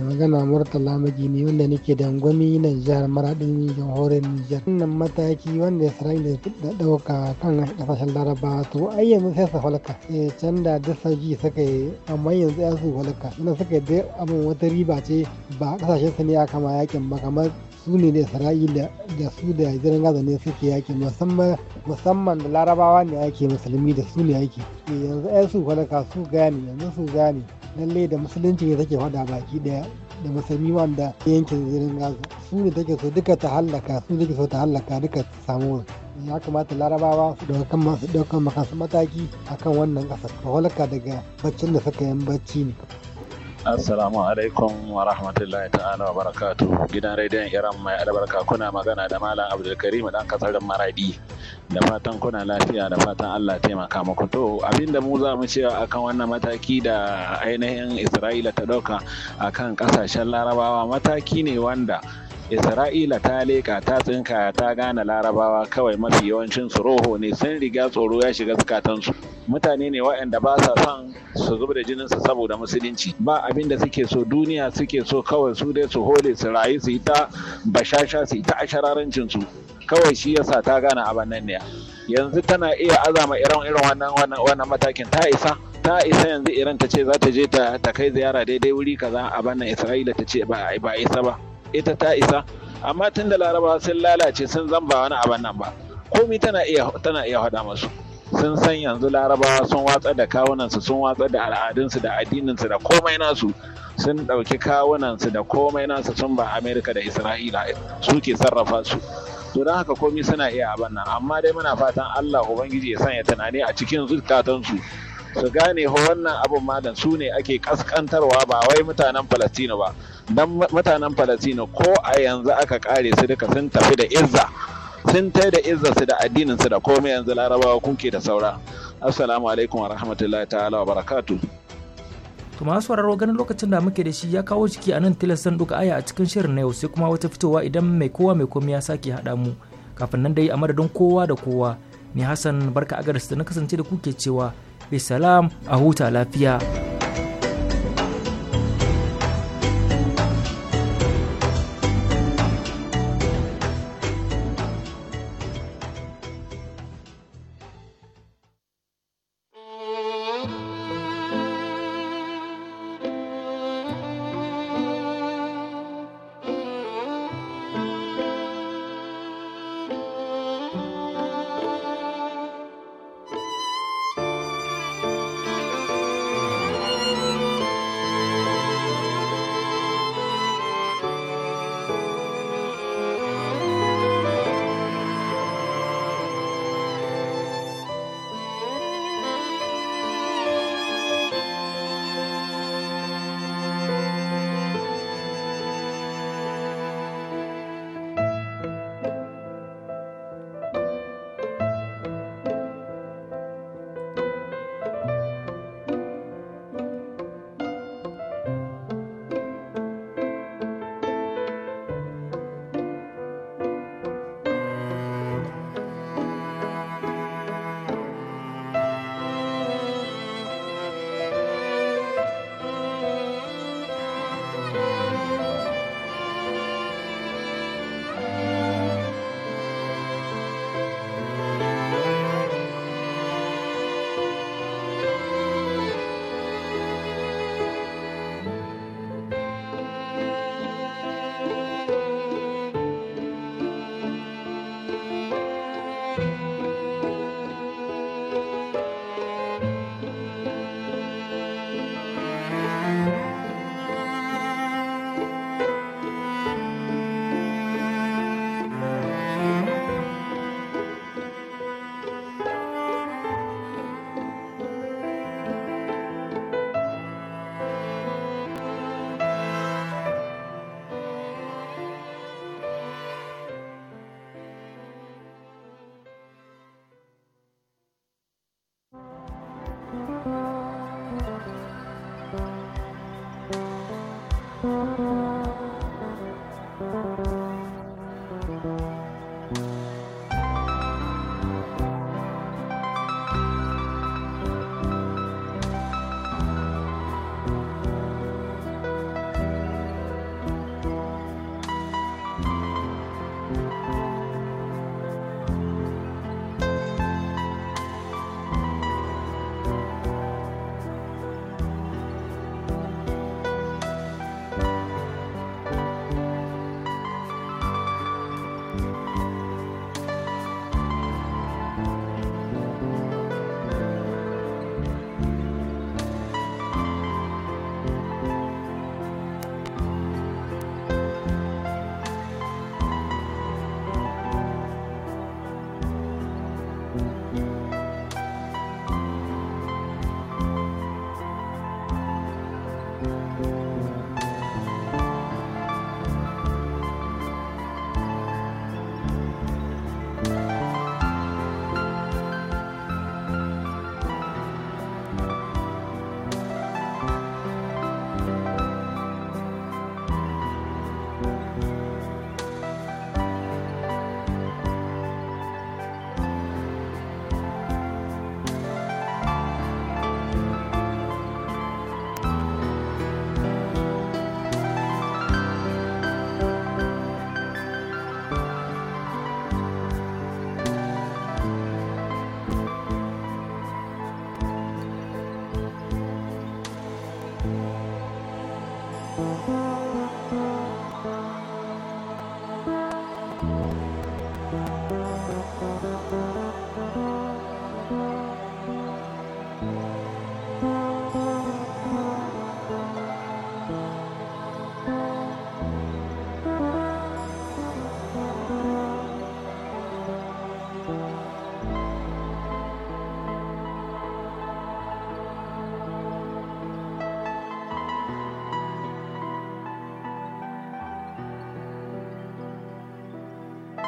magana murtala ne wanda nake dangwami na jihar maradin jamhuriyar nijar wannan mataki wanda isra'ila da dauka kan kasashen laraba to ayyamin sai su falka eh, can da ji suka yi amma yanzu ya su walaka suna suka yi abin wata riba ce ba kasashen su ne aka ma yakin ba kamar su ne da isra'ila da su da jiran gaza ne suke yaki musamman musamman da larabawa ne ake musulmi da su ne yaki eh, yanzu ya su walaka su gane yanzu su gane lalle da musulunci ne take faɗa baki daya da musulmi wanda yankin jiran gaza su ne take so duka ta hallaka su ne take so ta hallaka duka ta samu ya kamata larabawa su daukan kan masu daukan makasu mataki akan wannan ƙasar walaka daga baccin da suka yin bacci ne Assalamu alaikum wa rahmatullahi ta'ala wa barakatu. Gidan rediyon Iran mai albarka kuna magana da Malam Abdulkarim dan kasar Maradi. Da fatan kuna lafiya da fatan Allah taimaka muku. To abinda mu za mu ce akan wannan mataki da ainihin Isra'ila ta dauka akan kasashen Larabawa mataki ne wanda Isra'ila ta leƙa ta tsinka ta gane larabawa kawai mafi yawancin roho ne sun riga tsoro ya shiga zukatansu mutane ne waɗanda ba sa son su zuba da jininsu saboda musulunci ba abin da suke so duniya suke so kawai su dai su hole su rayu su yi ta bashasha su yi ta ashararancin kawai shi yasa ta gane abin nan ne yanzu tana iya azama irin irin wannan wannan matakin ta isa ta isa yanzu iran ta ce za ta je ta kai ziyara daidai wuri kaza a bannan isra'ila ta ce ba a isa ba ita ta isa amma tun da laraba sun lalace sun zan ba wani abin nan ba komi tana iya tana iya hada masu sun san yanzu larabawa sun watsar da kawunansu sun watsar da al'adunsu da addininsu da komai nasu sun ɗauki kawunansu da komai nasu sun ba amerika da isra'ila suke sarrafa su to don haka komi suna iya abin nan amma dai muna fatan allah ubangiji ya sanya tunani a cikin zukatansu su gane ho wannan abun malam su ne ake kaskantarwa ba wai mutanen palestina ba dan mutanen palestina ko a yanzu aka kare su duka sun tafi da izza sun tai da izza su da addinin su da komai yanzu larabawa kunke da saura assalamu alaikum wa rahmatullahi ta'ala wa barakatu To masu sauraro ganin lokacin da muke da shi ya kawo ciki a nan tilastan duka aya a cikin shirin na yau sai kuma wata fitowa idan mai kowa mai komai ya sake haɗa mu. Kafin nan dai a madadin kowa da kowa. Ni Hassan barka agarsu da na kasance da kuke cewa bisalam a huta lafiya.